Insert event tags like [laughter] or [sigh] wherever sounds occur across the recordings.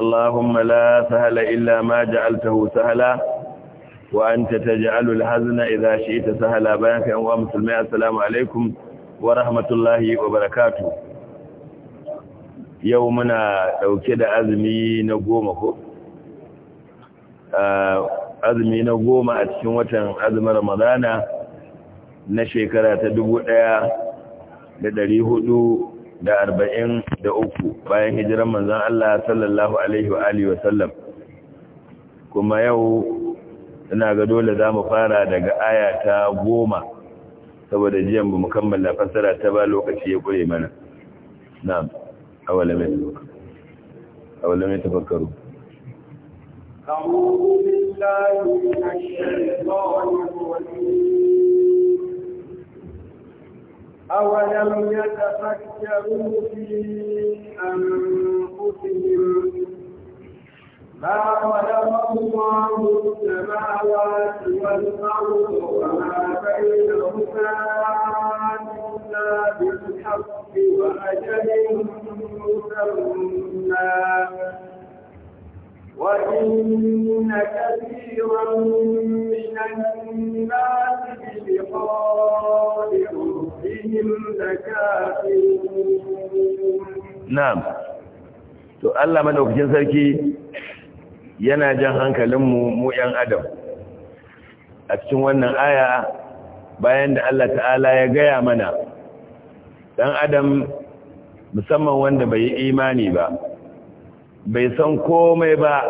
اللهم لا سهل إلا ما جعلته سهلا وأنت تجعل الحزن إذا شئت سهلا بيانك أنواع مسلمين السلام عليكم ورحمة الله وبركاته يومنا لو كده أزمي نقومكم azumi na goma a cikin watan azumin ramadana na shekara ta dubu ɗaya da ɗari hudu da arba'in da uku bayan hijiran manzan Allah sallallahu Alaihi wa Alihi wasallam kuma yau suna ga dole za mu fara daga aya ta goma saboda jiyan ba mu kammala fasara ta ba lokaci ya kure mana na'am awalame tafakkaru أعوذ بالله من الشيطان الرجيم أولم يتفكروا في أنفسهم ما خلق الله السماوات والأرض وما بينهما إلا بالحق وأجل مسمى وإن كثيرا من الناس بلقاء na'am to Allah maɗaukacin sarki yana jan hankalin mu ‘yan adam a cikin wannan aya bayan da Allah ta'ala ya gaya mana ɗan adam musamman wanda bai yi imani ba bai san komai ba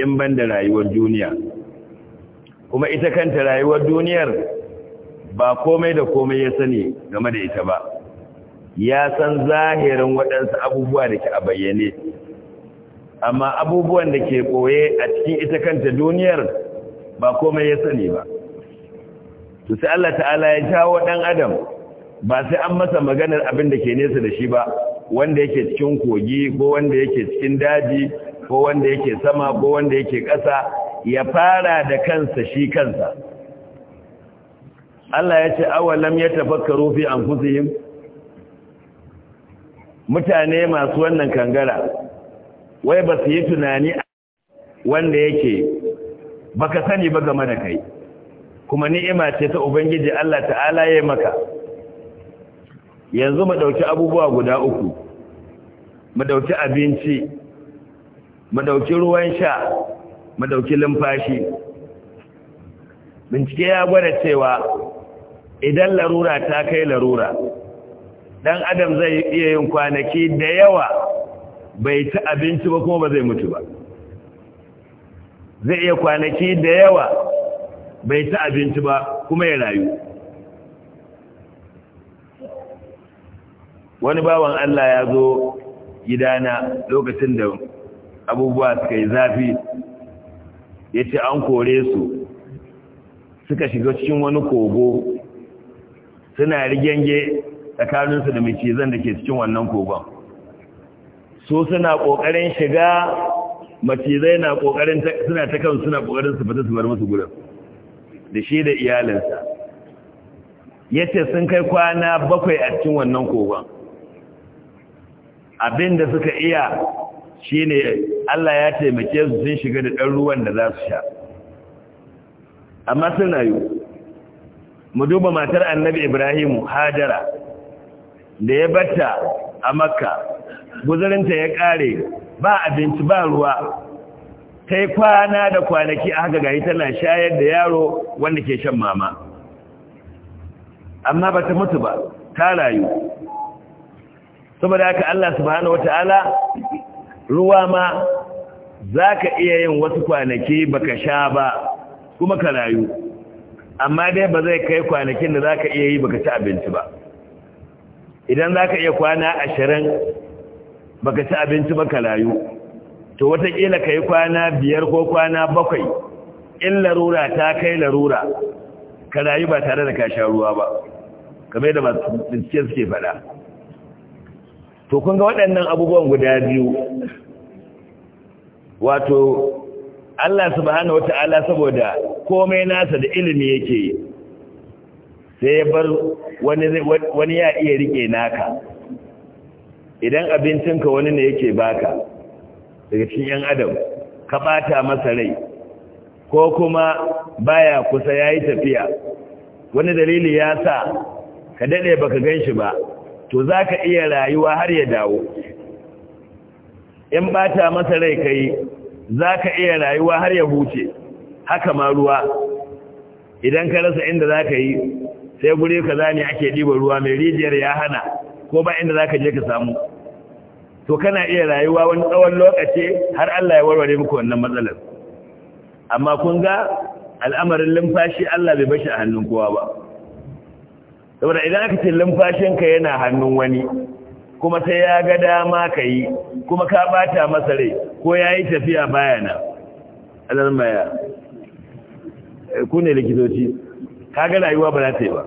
in banda rayuwar duniya kuma ita kanta rayuwar duniyar ba komai da komai ya sani game da ita ba ya san zahirin waɗansu abubuwa da ke a bayyane amma abubuwan da ke ɓoye a cikin ita kanta duniyar ba komai ya sani ba to sai Allah ta'ala ya jawo ɗan adam ba sai an masa maganar abin da ke nesa da shi ba wanda yake cikin kogi ko wanda yake cikin daji ko wanda yake sama ko wanda yake ƙasa ya fara da kansa shi kansa Allah ya ce awalam ya tafakkaru fi anfusihim mutane masu wannan kangara wai ba su yi tunani wanda yake baka sani ba game da kai kuma ni'ima ce ta ubangiji Allah ta'ala ya maka yanzu mu dauki abubuwa guda uku mu dauki abinci mu dauki ruwan sha mu dauki lumfashi bincike ya gwada cewa idan larura ta kai larura dan adam zai iya yin kwanaki da yawa bai ci abinci ba kuma ba zai mutu ba zai iya kwanaki da yawa bai ci abinci ba kuma ya rayu wani bawan Allah ya zo gidana lokacin da abubuwa suka yi zafi ya ce an kore su suka shiga cikin wani kogo suna rigenge tsakaninsu da macizan da ke cikin wannan kogon su suna ƙoƙarin shiga macizai na ƙoƙarin suna ta kan suna ƙoƙarin su fita su bar musu gudun da shi da iyalinsa ya ce sun kai kwana bakwai a cikin wannan kogon abin da suka iya shi ne Allah ya taimake su sun shiga da ɗan ruwan da za su sha amma suna yi mu duba matar annabi Ibrahim hajara da ya batta a makka guzurinta ya kare ba abinci ba ruwa ta kwana da kwanaki a haka gari tana shayar da yaro wanda ke shan mama amma ba ta mutu ba ta rayu saboda haka Allah subhanahu wata'ala ruwa ma za ka iya yin wasu kwanaki baka sha ba kuma ka rayu amma dai ba zai kai kwanakin da za ka iya yi baka ci abinci ba idan za ka iya kwana ashirin baka ci abinci ba ka rayu. to watakila ka yi kwana biyar ko kwana bakwai in larura ta kai larura ka rayu ba tare da ka sha ruwa ba kamar da masu bincike suke faɗa to kun ga waɗannan abubuwan guda biyu wato Allah subhanahu wata'ala saboda komai nasa da ilimi yake yi sai ya bar wani ya iya rike naka idan abincinka wani ne yake baka daga cikin yan adam ka bata masa rai ko kuma baya kusa yayi tafiya wani dalili ya sa ka dade baka ganshi ba to za ka iya rayuwa har ya dawo in bata masa rai kai za ka iya rayuwa har ya huce haka ma ruwa idan ka rasa inda za ka yi sai guri ka zane ake ɗiba ruwa mai rijiyar ya hana ko ba inda za ka je ka samu to kana iya rayuwa wani tsawon lokaci har Allah ya warware muku wannan matsalar amma kun ga al'amarin limfashi Allah bai bashi a hannun kowa ba saboda idan aka ce ka yana hannun wani kuma sai ya ga dama ka yi kuma ka bata masa rai ko ya yi tafiya bayana alalmaya eh, ku ne likitoci ka ga rayuwa ba za ta yi ba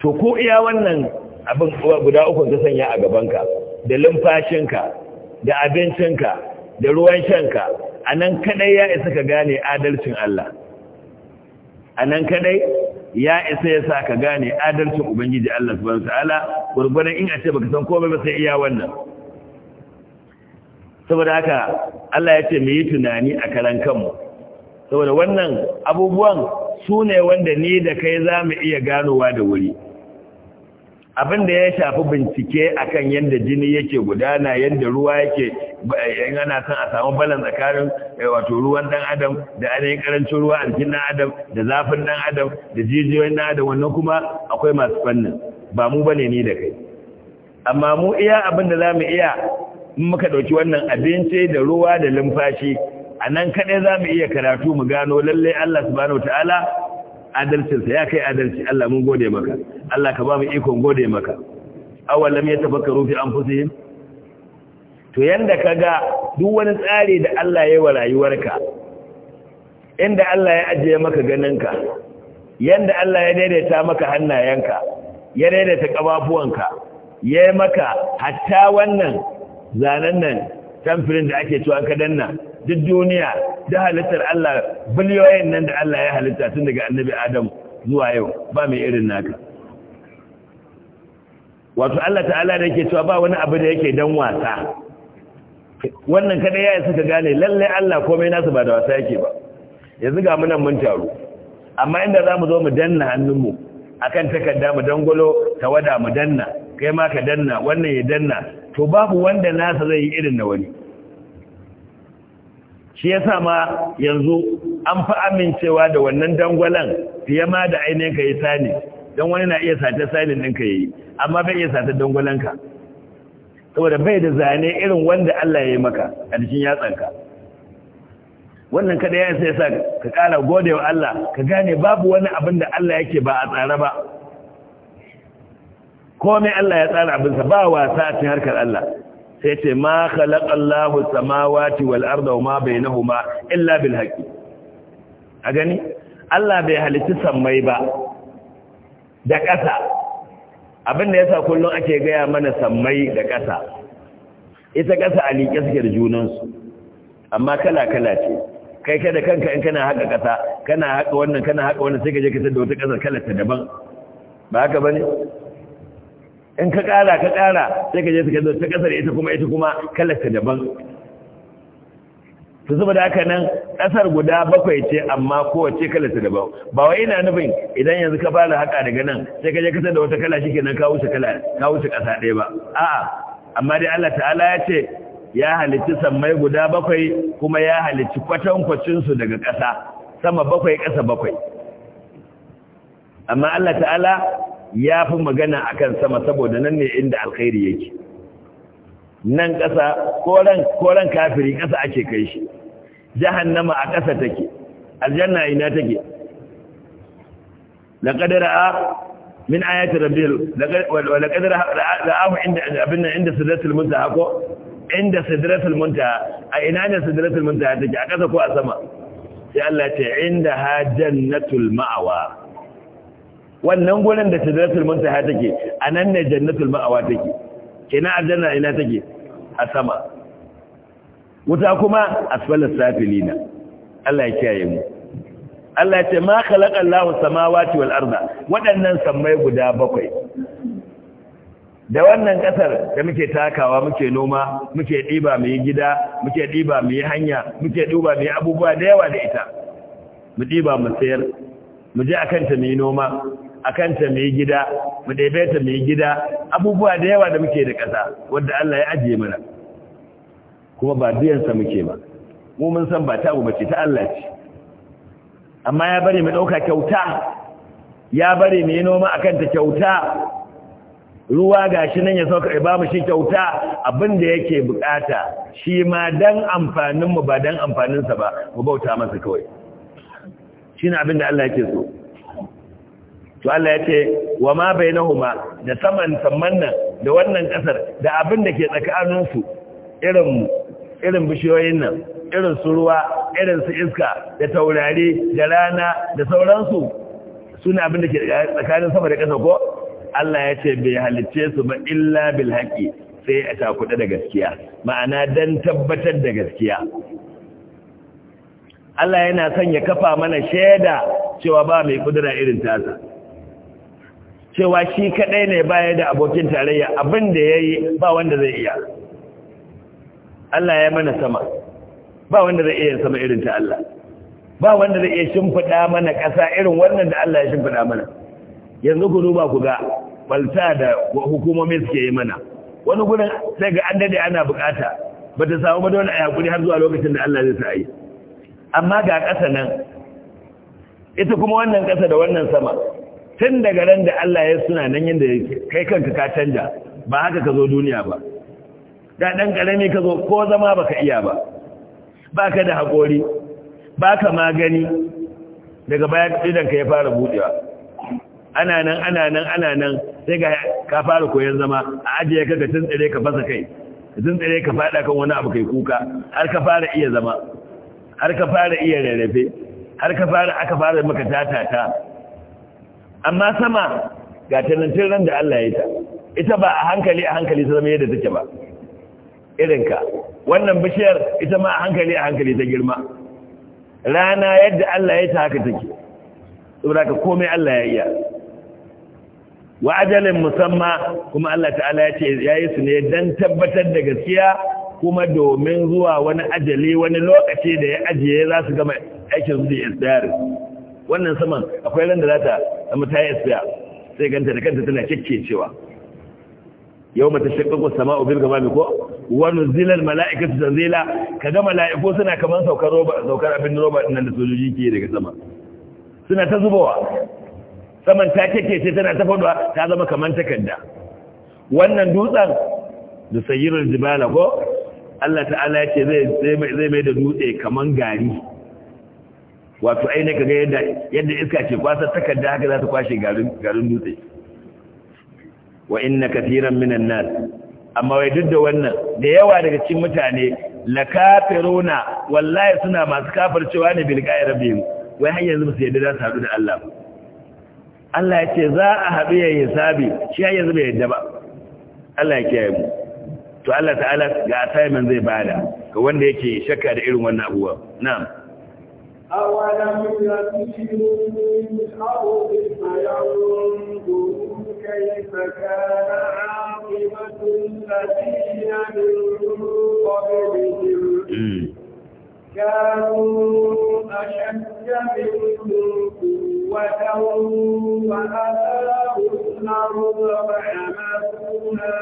to ko iya wannan abin guda ukun ta sanya a gabanka da lumfashinka da ka, da ruwan shanka a nan kadai ya isa ka gane adalcin Allah a nan kadai ya isa ya sa ka gane adalcin ubangiji Allah subhanahu wataala gurgurdan in a ce baka san komai ba sai iya wannan saboda haka Allah ya ce mu yi tunani a karan kanmu saboda wannan abubuwan su ne wanda ni da kai za mu iya ganowa da wuri abin da ya shafi bincike akan yadda jini yake gudana yadda ruwa yake yana son a samu balan tsakanin eh, wato ruwan dan adam da ainihin karancin ruwa a jikin dan adam da zafin dan adam da jijiyoyin dan adam wannan kuma akwai masu fannin ba mu bane ni da kai amma mu iya abin da zamu iya in muka dauki wannan abinci da ruwa da lumfashi a nan kaɗai za iya karatu mu gano lallai Allah subhanahu wataala adalcinsa ya kai adalci Allah mun gode maka Allah ka ba mu ikon gode maka awalam ya tafakkaru fi anfusihim to yanda kaga duk wani tsari da Allah ya yi wa rayuwarka inda Allah ya ajiye maka ganinka yanda Allah ya daidaita maka hannayenka ya daidaita kafafuwanka ya yi maka hatta wannan zanen nan tamfirin da ake cewa ka danna duk duniya da halittar Allah biliyoyin nan da Allah ya halitta tun daga annabi Adam zuwa yau ba mai irin naka wato Allah ta'ala da yake cewa ba wani abu da yake dan wasa wannan kada yayi suka gane lalle Allah komai nasu ba da wasa yake ba yanzu ga munan mun taro amma inda za mu zo mu danna hannunmu akan takarda mu dangolo tawada mu danna kai ma ka danna wannan ya danna to babu wanda nasa zai yi irin na wani shi yasa ma yanzu an fi amincewa da wannan dangwalan fiye ma da ainihin ka yi sani don wani na iya sata sani ɗin ka yi amma bai iya sata ka saboda bai da zane irin wanda Allah ya yi maka a jikin yatsanka wannan kada ya sai sa ka kara gode wa Allah ka gane babu wani abin da Allah yake ba a tsara ba komai Allah ya tsara abinsa ba wasa a cikin harkar Allah sai ce ma Allahu samawati wal arda wama bainahuma illa bil haqq a gani Allah bai halitta sammai ba da ƙasa abin da yasa kullun ake gaya mana sammai da ƙasa ita ƙasa a liƙe suke da junansu amma kala kala ce kai kada kanka in kana haƙa ƙasa kana haƙa wannan kana haƙa wannan sai ka je ka tada wata ƙasar kala ta daban ba haka bane in ka ƙara ka ƙara sai ka je suka zo ta ƙasar ita kuma ita kuma ta daban su saboda haka nan ƙasar guda bakwai ce amma kowace ta daban ba wai ina nufin idan yanzu ka fara haka daga nan sai ka je kasar da wata kala shi kenan ka wuce kala ka wuce ƙasa ɗaya ba a'a amma dai Allah ta'ala ya ce ya halicci sammai guda bakwai kuma ya halicci kwatankwacin su daga ƙasa sama bakwai ƙasa bakwai amma Allah ta'ala ya fi magana a kan sama saboda nan ne inda alkhairi yake nan ƙasa koren kafiri ƙasa ake kai shi jahannama a ƙasa take aljanna ina take لقد ƙadar da ايات ربه ولقد راه عند ابن عند سدره المنتهى كو عند سدره المنتهى a ina ne سدره المنتهى take a ƙasa ko a sama sai Allah ce inda ha jannatul ma'awa wannan gurin da sidratul muntaha take anan ne jannatul ma'awa take ina aljanna ina take a sama wuta kuma asfalas safilina Allah ya kiyaye mu Allah ya ce ma khalaqa Allahu samawati wal arda waɗannan sammai guda bakwai da wannan kasar da muke takawa muke noma muke diba mu gida muke diba mu yi hanya muke duba mu abubuwa da yawa da ita mu diba mu sayar mu je akan ta mu noma Akanta ta mai gida mu ɗaiɓe ta mai gida abubuwa da yawa da muke da kasa wadda Allah ya ajiye mana kuma ba duyansa muke ba mu mun san ba ta bace ta Allah ce amma ya bari mu ɗauka kyauta ya bari mu yi noma a kanta kyauta ruwa gashi nan ya sauka ba mu shi kyauta abin da yake bukata shi ma dan amfaninmu ba dan amfaninsa ba mu bauta masa kawai shi ne abin da Allah yake so to Allah ya ce wa ma bainahuma da saman saman nan da wannan kasar da abin da ke tsakanin su irin irin bishiyoyin nan irin su ruwa irin su iska da taurari da rana da sauransu suna abin da ke tsakanin sama da kasa ko Allah ya ce bai halicce su ba illa bil haqi sai a takuda da gaskiya ma'ana dan tabbatar da gaskiya Allah yana son ya kafa mana shaida cewa ba mai kudura irin tasa cewa shi kadai ne baya da abokin tarayya abin da ya yi ba wanda zai iya Allah ya mana sama ba wanda zai iya sama irin ta Allah ba wanda zai iya shimfiɗa mana ƙasa irin wannan da Allah ya shimfiɗa mana yanzu ku duba ku ga balta da hukumomi suke yi mana wani gudun sai ga an dade ana bukata ba ta samu dole a yakuri har zuwa lokacin da Allah zai sa yi amma ga ƙasa nan ita kuma wannan ƙasa da wannan sama tun daga ran da Allah ya suna nan yadda kai kanka ka canja ba haka ka zo duniya ba da ɗan ƙarami ka zo ko zama ba ka iya ba ba ka da hakori, ba ka magani daga baya idanka ya fara buɗewa ana nan ana nan ana nan sai ga ka fara koyon zama a ajiye ka ka tsire ka fasa kai ka tsire ka faɗa kan wani abu kai kuka har ka fara iya zama har ka fara iya rarrafe har ka fara aka fara maka tatata amma sama ga tanantin ran da Allah ya ta ita ba a hankali a hankali ta zama yadda take ba irinka wannan bishiyar ita ma a hankali a hankali ta girma rana yadda Allah ya ta haka take saboda ka komai Allah ya iya wa ajalin musamma kuma Allah ta'ala ya ce ya yi su ne don tabbatar da gaskiya kuma domin zuwa wani ajali wani lokaci da ya ajiye za su gama aikin su da wannan saman akwai ran da za ta zama ta yi sai ganta da kanta tana cewa. yau mata shakakwa sama obin gaba mai ko wani zilar mala'ikatu zanzila ka ga mala'iku suna kamar saukar abin roba nan da sojoji ke daga sama suna ta zubawa saman ta keke ce tana ta faɗuwa ta zama kamar takarda wannan dutsen da sayirar jibala ko Allah ta'ala ya ce zai mai da dutse kamar gari wato ainihin kaga yadda yadda iska ce kwasa takarda haka za ta kwashe garin dutse wa inna kathiran minan nas amma wai duk da wannan da yawa daga cikin mutane la kafiruna wallahi suna masu kafircewa ne bil ga'i rabbihim wai har yanzu su yadda za su hadu da Allah Allah ya ce za a hadu ya hisabi shi har yanzu bai yadda ba Allah ya kiyaye mu to Allah ta'ala ga assignment zai bada ga wanda yake shakka da irin wannan abuwa na'am أولم يسيروا من الأرض فينظروا كيف كان عاقبة الذين من قبلهم كانوا أشد منهم قوة وأثاروا الأرض وحمسوها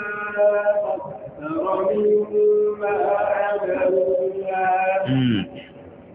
أكثر مما عملوها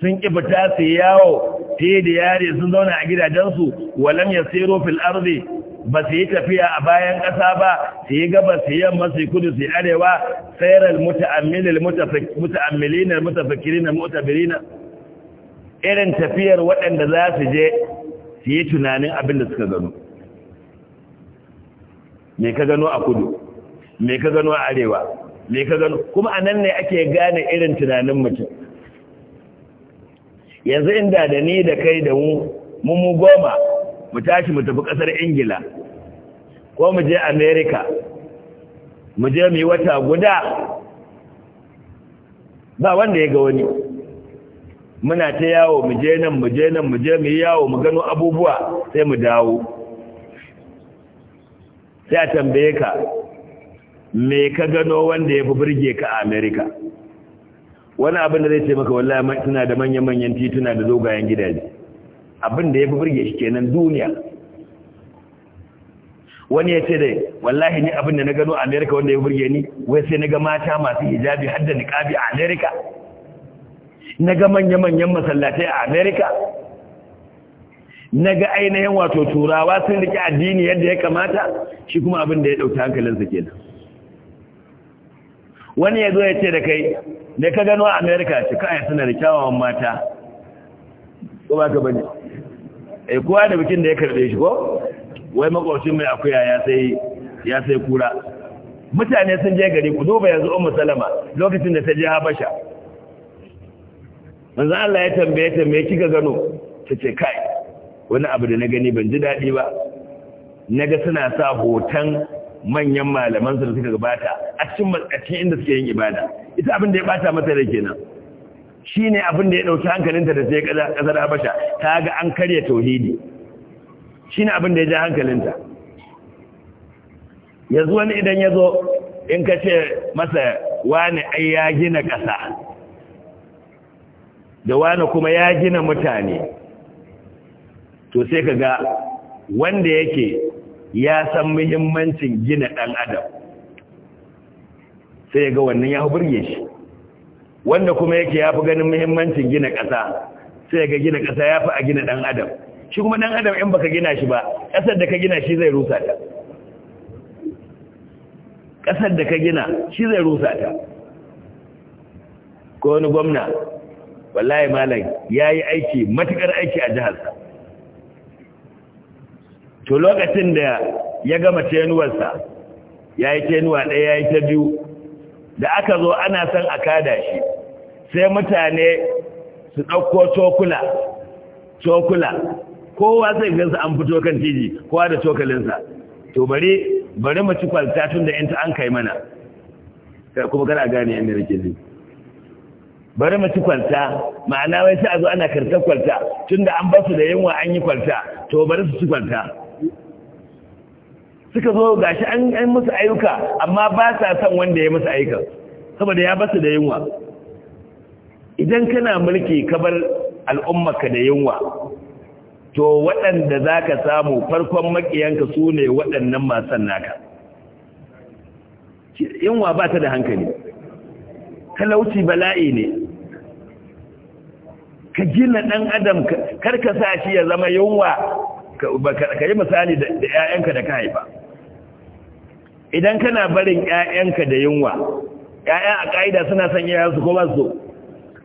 sun ƙi fita su yawo te da yare sun zauna a gidajensu walam ya tsero fil arzi ba su yi tafiya a bayan ƙasa ba su yi gaba su yamma su kudu su arewa tsayar mutu'amilinar muta'ammilin mutafakirin irin tafiyar waɗanda za su je su yi tunanin abin da suka gano me ka gano a kudu me ka gano a arewa me ka gano kuma a nan ne ake gane irin tunanin mutum yanzu inda da ni da kai da mu mu goma mu tashi mu tafi kasar ingila ko mu je america mu je mu yi wata guda ba wanda ya ga wani muna ta yawo mu je nan mu je nan mu je mu yi yawo mu gano abubuwa sai mu dawo sai a tambaye ka me ka gano wanda ya fi birge ka a america wani abin da zai ce maka wallahi suna da manyan-manyan tituna da dogayen gidaje abin da ya fi burge shi kenan duniya wani ya ce dai wallahi ni abin da na gano a amerika wanda ya burge ni wai sai na ga mata masu hijabi har da niqabi a amerika na ga manya-manyan masallatai a amerika na ga ainihin wato turawa sun rike addini yadda ya kamata shi kuma abin da ya ɗauki hankalinsa kenan wani ya zo ya ce da kai da ka gano Amerika ce kai suna da kyawawan mata ko ba ka bane eh kowa da bikin da ya karbe shi ko wai makwacin mai akuya ya sai ya sai kura mutane sun je gari ku duba yanzu ummu salama lokacin da ta je habasha manzo Allah ya tambaye ta me kika gano ta ce kai wani abu da na gani ban ji daɗi ba Na ga suna sa hoton manyan malaman su da suka gabata a cikin inda suke yin ibada ita abin da ya bata mata da kenan shine abin da ya dauki hankalinta da sai kasar Habasha ta ga an karya tauhidi shine abin da ya ja hankalinta yanzu wani idan yazo zo in ka ce masa wani ai ya gina ƙasa da wani kuma ya gina mutane to sai ka ga wanda yake ya san muhimmancin gina ɗan adam sai ga wannan ya burge shi wanda kuma yake ya fi ganin muhimmancin gina ƙasa sai ga gina ƙasa ya fi a gina ɗan adam shi kuma ɗan adam in baka gina shi ba ƙasar da ka gina shi zai rusa ta ƙasar da ka gina shi zai rusa ta ko wani gwamna wallahi malam ya yi aiki matuƙar aiki a jiharsa to lokacin da ya gama tenuwarsa ya yi tenuwa ɗaya ya yi ta biyu da aka zo ana son a kada shi sai mutane su ɗauko cokula cokula kowa zai gansa an fito kan tiji kowa da cokalinsa to bari bari mu ci kwalta tun da yanta an kai mana kuma kana gane yan rike ji bari mu ci kwalta ma'ana wai sai a zo ana karta kwalta tun da an basu da yunwa an yi kwalta to bari su ci kwalta suka zo ga shi an yi musu ayyuka amma ba sa son wanda ya musu ayyuka saboda ya basu da yunwa idan kana mulki ka bar al'ummaka da yunwa to waɗanda za ka samu farkon makiyanka su ne waɗannan masan naka yunwa ba ta da hankali talauci bala'i ne ka gina ɗan adam karkasa sa shi ya zama yunwa ka yi misali da ‘ya'yanka da ka haifa idan kana barin ƴaƴanka da yunwa ƴaƴa a ƙa'ida suna son yayan su ko ba su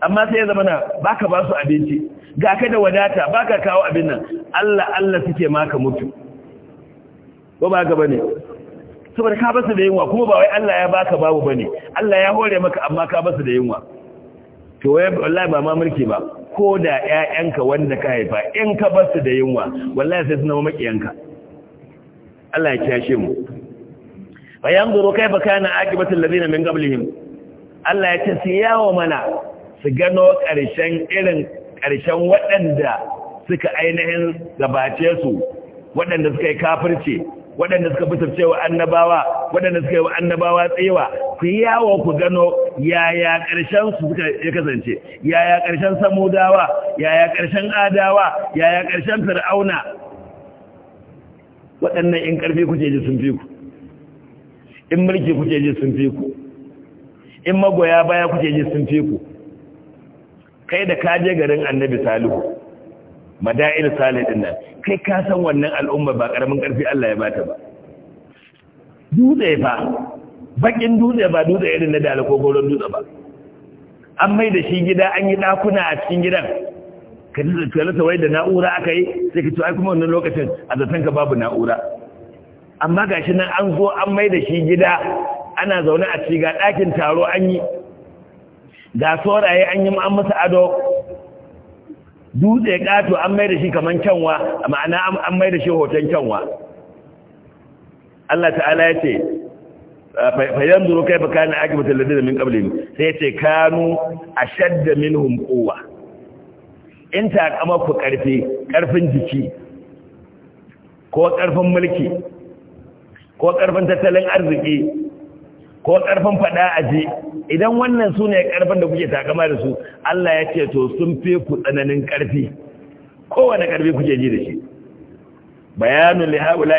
amma sai ya zama na baka ba su abinci ga ka da wadata baka kawo abin nan Allah Allah suke maka mutu ko ba gaba ne saboda ka basu da yunwa kuma ba wai Allah ya baka babu bane Allah ya hore maka amma ka basu da yunwa to wai wallahi ba ma mulki ba ko da ƴaƴanka wanda ka haifa in ka basu da yunwa wallahi sai suna maƙiyanka, Allah ya kiyashe mu fa yanzuru kaifa kana aqibatu ladina min qablihim Allah ya ce su yawo mana su gano karshen irin karshen waɗanda suka ainihin gabace su waɗanda suka yi kafirce waɗanda suka fitarce wa annabawa waɗanda suka yi wa annabawa tsayiwa. ku yawo ku gano yaya karshen su suka ya kasance yaya karshen samudawa yaya karshen adawa yaya karshen fir'auna waɗannan in ƙarfi kuke ji sun fi ku in mulki kuke ji sun fi ku in magoya baya kuke ji sun fi ku kai da ka garin annabi salihu mada'il salih din nan kai ka san wannan al'umma ba karamin karfi Allah ya bata ba dutse fa bakin dutse ba dutse irin na dala ko goron dutse ba an mai da shi gida an yi dakuna a cikin gidan ka ji da wai da na'ura aka yi sai ka ci ai kuma wannan lokacin a zaton ka babu na'ura amma ga shi nan an zo an mai da shi gida ana zaune a ci ga ɗakin taro an yi ga sauraye an yi an masa ado dutse ƙato an mai da shi kaman kyanwa ma'ana an mai da shi hoton kyanwa Allah ta'ala ya ce fayyan zuru kai baka na aki mutum da min ƙablin sai ya ce kanu a shadda min hunkowa in ta kama ku ƙarfi ƙarfin jiki ko ƙarfin mulki ko ƙarfin tattalin arziki ko ƙarfin faɗa aji idan wannan su ne ƙarfin da kuke takama da su Allah ya ce to sun fi ku tsananin ƙarfi kowane ƙarfi kuke ji da shi bayanin lihaula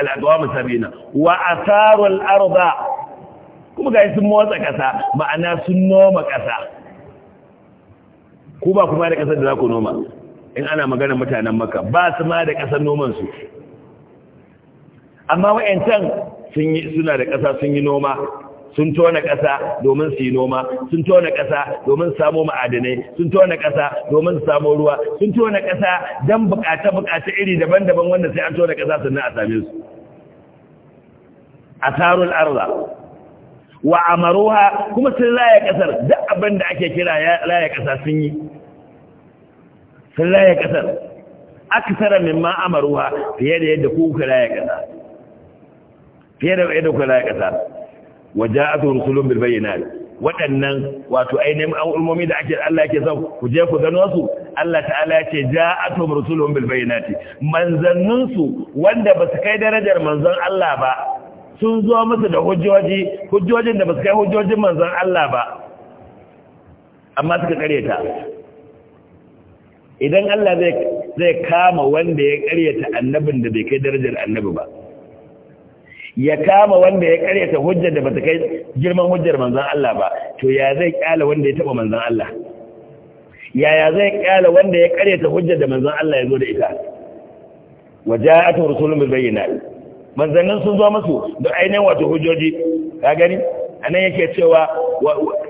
al'adwa musabina wa asarul arda kuma ga sun motsa ƙasa ma'ana sun noma ƙasa ku ba kuma da ƙasar da za ku noma in ana maganar mutanen maka ba su ma da ƙasar nomansu amma wayancan suna da ƙasa sun yi noma sun tona ƙasa domin su yi noma sun tona ƙasa domin samo ma'adanai sun tona ƙasa domin samo ruwa sun tona ƙasa don bukata-bukata iri daban-daban wanda sai an tona ƙasa sannan a same su a tarun arza wa amaruha kuma sun laye ƙasar duk abin da ake kira laye ƙasa sun yi sun laye ƙasar Aka tara mimma amaruha fiye da yadda kuka laye ƙasa fiye da yadda kuka laye ƙasa waje a tsohon sulun bilbayyana waɗannan wato ainihin al'ummomi da ake Allah ke son ku je ku gano su Allah ta'ala ya ce ja a tsohon sulun bilbayyana ce manzanninsu wanda ba su kai darajar manzan Allah ba sun zo musu da hujjoji hujjojin da ba su kai hujjojin manzan Allah ba amma suka karyata idan Allah zai kama wanda ya karyata annabin da bai kai darajar annabi ba ya kama wanda ya karyata hujjar da bata kai girman hujjar manzon Allah ba to ya zai kyala wanda ya taba manzon Allah yaya zai kyala wanda ya karyata hujjar da manzon Allah ya zo da ita waja'atu rusulun bil bayyinat manzannin sun zo musu da ainihin wato hujjoji ka gani anan yake cewa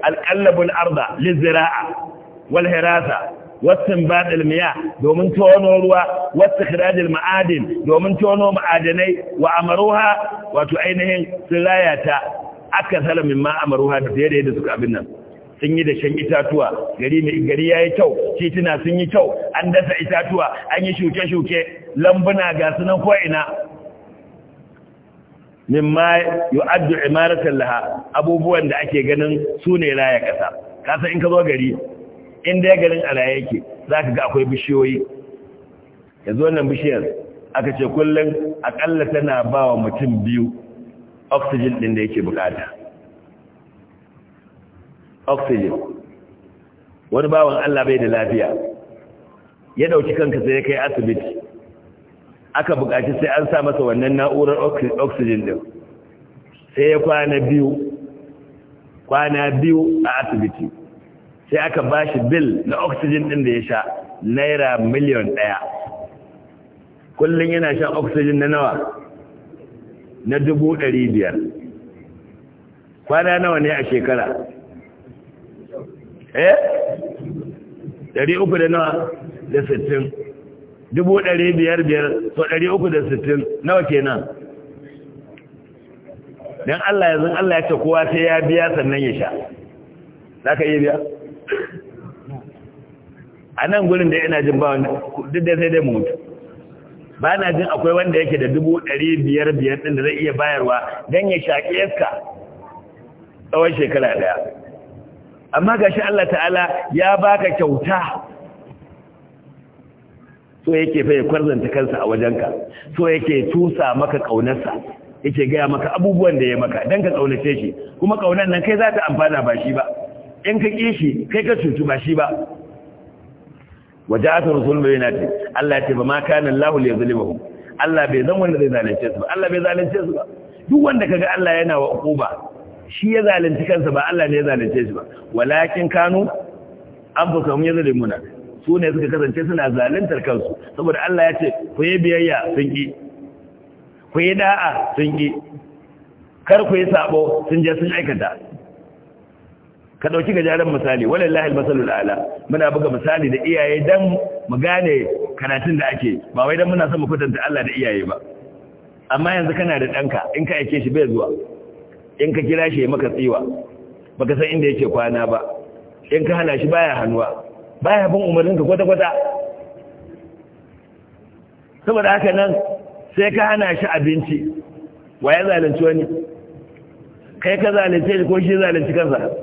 al-qalbul arda lizira'a wal hirasa wasan badil miya domin tono ruwa wasu kirajil ma'adin domin tono ma'adanai wa amaruha wato ainihin sun layata aka salamin ma amaruha da fiye da yadda suka abin nan sun yi da shan itatuwa gari mai gari ya yi kyau titina sun yi kyau an dasa itatuwa an yi shuke-shuke lambuna ga sunan ko'ina mimma yu'addu imaratan laha abubuwan da ake ganin su ne raya kasa kasa in ka zo gari inda ya garin alaye yake za ka ga akwai bishiyoyi Ya zo wannan bishiyar aka ce kullum akalla tana ba wa mutum biyu oxygen ɗin da yake bukata oxygen wani bawan Allah bai da lafiya ya ɗauki kanka sai ya kai asibiti aka bukaci sai an sa masa wannan na'urar oxygen ɗin sai ya kwana biyu kwana biyu a asibiti sai aka ba shi bil na oxygen ɗin da ya sha naira miliyan ɗaya kullum yana shan oxygen na nawa na dubu ɗari biyar kwana nawa ne a shekara eh ɗari uku da nawa da sittin dubu ɗari biyar biyar so ɗari uku da sittin nawa kenan don Allah yanzu Allah ya ce kowa sai ya biya sannan ya sha za ka iya biya a nan gurin da yana jin ba duk da sai dai mu mutu ba na jin akwai wanda yake da dubu ɗari biyar biyar ɗin da zai iya bayarwa don ya shaƙi iska tsawon shekara ɗaya amma ga shi Allah ta'ala ya baka kyauta so yake fa ya kwarzanta kansa a wajenka so yake tusa maka ƙaunarsa yake gaya maka abubuwan da ya maka don ka ƙaunace shi kuma ƙaunar nan kai za ta amfana ba shi ba in ka ƙi shi kai ka cutu ba shi ba waja'at rusul bayyinati Allah ya ce ba ma kana Allah li yuzlimuhum Allah bai zan wanda zai zalunce su ba Allah bai zalunce su ba duk wanda kaga Allah yana wa uquba shi ya zalunci kansa ba Allah ne ya zalunce shi ba walakin kanu anfusahum yuzlimuna su ne suka kasance suna zaluntar kansu saboda Allah ya ce ku yi biyayya sun ki ku yi da'a sun ki kar ku yi sabo sun je sun aikata ka dauki jaran misali wallahi almasalul ala muna buga misali da iyaye dan mu gane karatun da ake ba wai dan muna son mu kwatanta Allah da iyaye ba amma yanzu kana da danka in ka aike shi bai zuwa in ka kira shi maka tsiwa baka san inda yake kwana ba in ka hana shi baya hannuwa baya bin umarninka kwata kwata saboda haka nan sai ka hana shi abinci wa ya zalunci wani kai ka zalunce shi ko shi zalunci kansa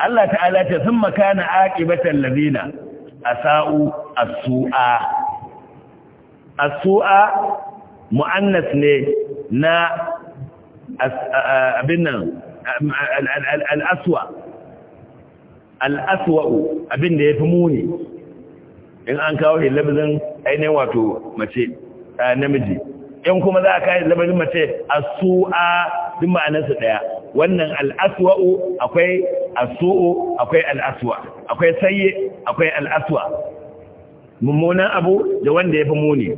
Allah ta'ala ta sun makana aƙibatan lazina a sa'u a su'a a su'a mu'annas ne na abin nan al'aswa al'aswa'u abin da ya fi muni in an kawo hilabzin ainihin wato mace namiji in kuma za a kayan labarin mace asu'a duk ma'anarsu ɗaya wannan al'aswa'u akwai asu'u akwai al'aswa akwai sayye akwai al'aswa mummunan abu da wanda ya fi muni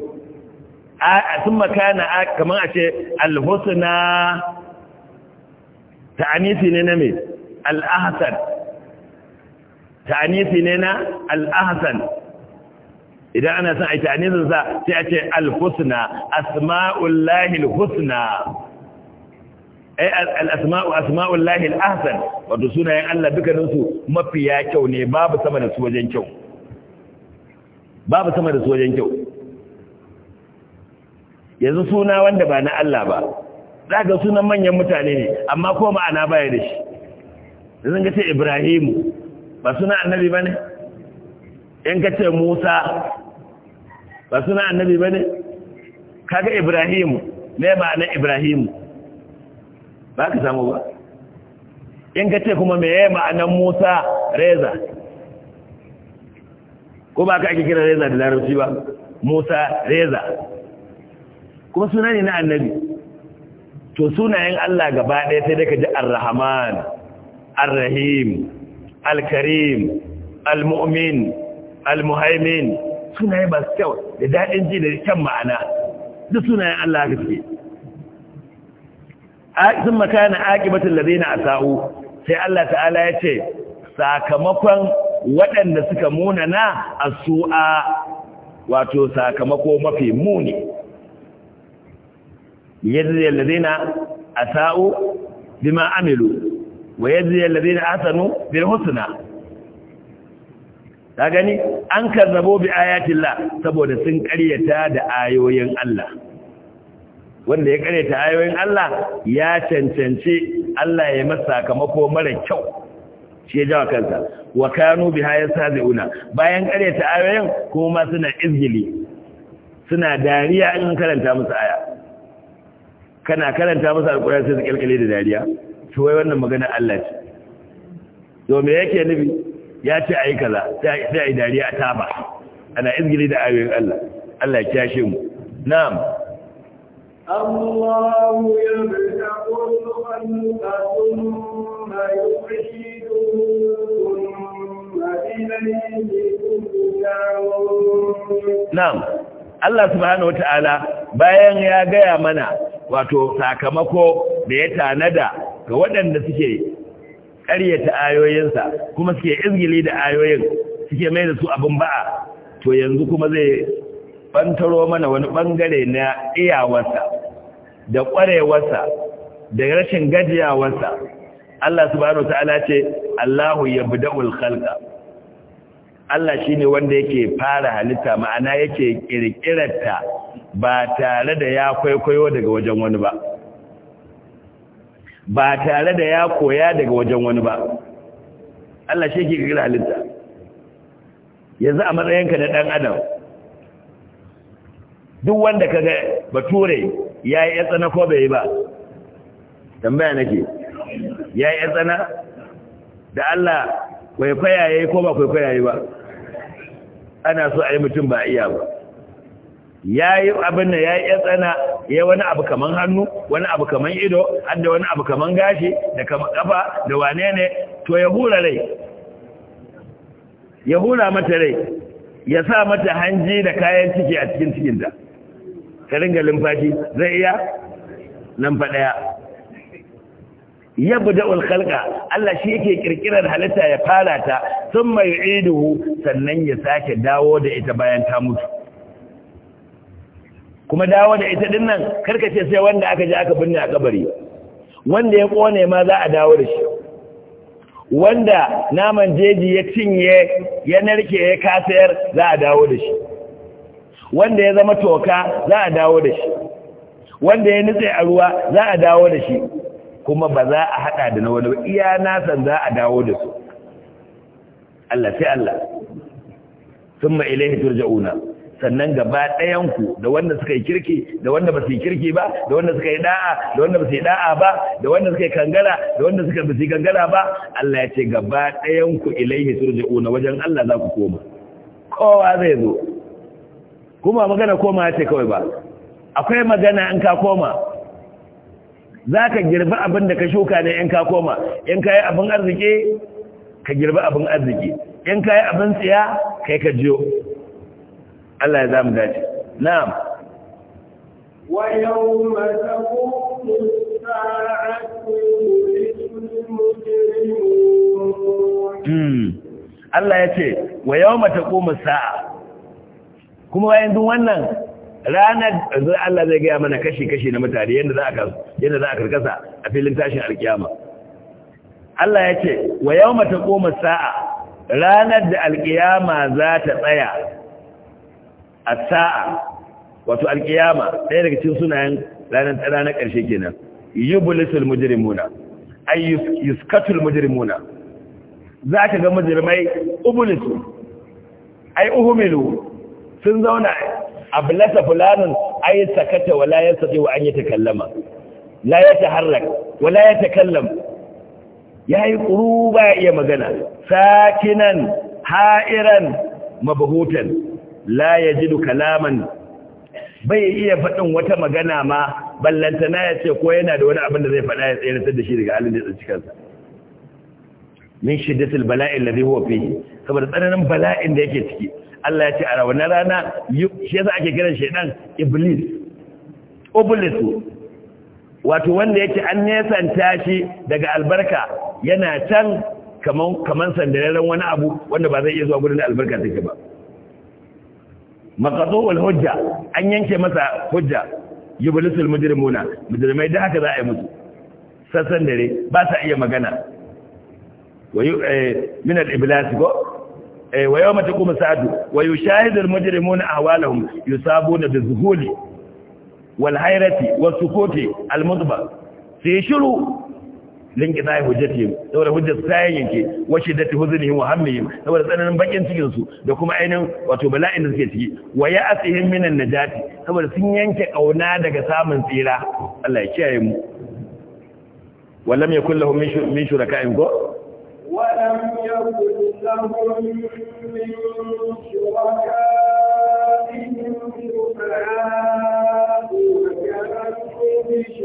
a sun makana kamar a ce alhusna ta'anisi ne na mai al'ahasan ta'anisi ne na al'ahasan idan ana son a yi ta'anisin sa sai a ce al-husna asma'ullahi al-husna ai eh, al-asma'u al-ahsan wato sunayen Allah dukkaninsu su mafiya kyau ne babu sama da su wajen kyau babu sama da su wajen kyau yanzu suna wanda ba na Allah ba za ga sunan manyan mutane ne amma ko ma'ana baya da shi zan ga ce Ibrahimu ba suna annabi ba ne? in ka ce Musa ba suna annabi ba ne kaga Ibrahim ne ma'anar Ibrahim, ba ka samu ba in ka ce kuma mai ma'anar musa reza ko ba ka ake kira reza da larabci ba musa reza kuma suna ne na annabi to sunayen allah gaba ɗaya sai dai ka ji arrahman arrahim, alkarim, almumin, almuhaimin sunaye masu kyau da daɗin ji da kyan ma'ana duk sunayen Allah haka suke sun makana aƙibatun da zina a sa'u sai Allah ta'ala ya ce sakamakon waɗanda suka munana a su'a wato sakamako mafi muni yadda da na a sa'u bima amilu wa yadda da zina asanu bil husna ta gani an karzabo bi ayatillah saboda sun karyata da ayoyin Allah wanda ya karyata ayoyin Allah ya cancanci Allah ya masa sakamako mara kyau shi ya jawa kansa wa kanu biha yastahzi'una bayan karyata ayoyin kuma suna izgili suna dariya in karanta musu aya kana karanta musu alkurani sai su kalkale da dariya to wai wannan magana Allah ce to me yake nufi ya ce a yi kaza sai a yi dariya a ba ana izgili da ayoyin Allah Allah ya kyashe mu na'am Allahu يبدأ الخلق ثم يعيده ثم إليه ترجعون نعم Allah subhanahu wata'ala bayan ya gaya mana wato sakamako da ya tanada ga waɗanda suke ƙaryata ayoyinsa kuma suke izgili da ayoyin suke mai da su abin ba'a to yanzu kuma zai bantaro mana wani ɓangare na iyawarsa da ƙwarewarsa da rashin gajiyawarsa Allah subhanahu ta'ala ce Allahu ya bi da'ul khalqa Allah shi ne wanda yake fara halitta ma'ana yake ƙirƙirarta ba tare da ya kwaikwayo daga wajen wani ba ba tare da ya koya daga wajen wani ba Allah shi ke kira halitta yanzu a matsayinka na ɗan adam duk wanda ka ga bature ya yi ya tsana ko bai ba tambaya nake ya yi ya tsana da Allah kwaikwaya ya yi ko ba kwaikwaya ya yi ba ana so a yi mutum ba iya ba ya yi abin da ya yi tsana ya wani abu kamar hannu wani abu kamar ido hadda wani abu kamar gashi da kafa da wane ne to ya hura rai ya hura mata rai ya sa mata hanji da kayan ciki a cikin cikinta ka ringa limfashi zai iya nan fa daya ya buda ulkalka Allah shi yake kirkirar halitta ya fara ta sun mai iduhu sannan ya sake dawo da ita bayan ta mutu kuma dawo da ita dinnan nan karka ce sai wanda aka je aka binne a kabari wanda ya kone ma za a dawo da shi wanda naman jeji ya cinye ya narke ya kasayar za a dawo da shi wanda ya zama toka za a dawo da shi wanda ya nutse a ruwa za a dawo da shi kuma ba za a hada da wani ba iya nasan za a dawo da su Allah sai Allah sun ma ilaihi turja'una sannan gaba ku da wanda suka yi kirki da wanda ba su yi kirki ba da wanda suka yi da'a da wanda ba su yi da'a ba da wanda suka yi kangara, da wanda suka ba su yi kangara ba Allah ya ce gaba ɗayanku ilaihi turja'una wajen Allah za ku koma kowa zai zo kuma magana koma ce kawai ba akwai magana in ka koma za ka girbi abin da ka shuka ne in ka koma in ka yi abin arziki ka girbi abin arziki in ka yi abin tsiya kai ka jiyo Allah ya zamu dace na'am wa yawma taqumu as-sa'atu hmm. Allah ya ce wa yawma taqumu saa kuma wa yanzu wannan ranar zai Allah zai gaya mana kashi-kashi na mutane yadda za a karkasa a filin tashin alkiyama. Allah ya ce, wa yau mata koma sa'a ranar da alkiyama za ta tsaya, asa'a saa wato alkiyama ɗaya daga cikin sunayen ranar tsara na ƙarshe kenan yubulisul mujrimuna ay yuskatul mujrimuna zaka ga mujrimai ubulisu ay uhumilu sun zauna a ablata fulanin ay sakata wala yastati wa an yatakallama la yataharrak wala yatakallam yayi quruba iya magana sakinan ha'iran mabhutan la yajidu kalaman bai iya faɗin wata magana ma ballantana ya ce ko yana da wani abin da zai faɗa ya tsayar da shi daga halin da ya tsinci kansa min shiddatul bala'in ladhi huwa fihi saboda tsananin bala'in da yake ciki Allah ya ce a wannan rana shi yasa ake kiran shedan iblis iblis wato wanda yake an nesanta shi daga albarka yana can kaman kaman sandararren wani abu wanda ba zai iya zuwa gurin da albarka take ba maqadu hujja an yanke masa hujja yublisul mujrimuna mujrimai da haka za a yi musu sassan dare ba sa iya magana wayu eh, min al-iblas ko eh, wa yawma taqumu Sadu? wa yushahidu al-mujrimuna ahwalahum yusabuna bi-dhuhuli wal hayrati was-sukuti al-mudbar sai shiru linki na hujjatihim saboda hujjar sayan yanke wace da tuhuzunihim wa hammihim saboda tsananin bakin cikin su da kuma ainin wato bala'in da suke ciki wa ya'asihim minan najati saboda sun yanke kauna daga samun tsira Allah ya kiyaye mu walam yakul lahum min shuraka'in ko walam yakul lahum min shuraka'in shuraka'in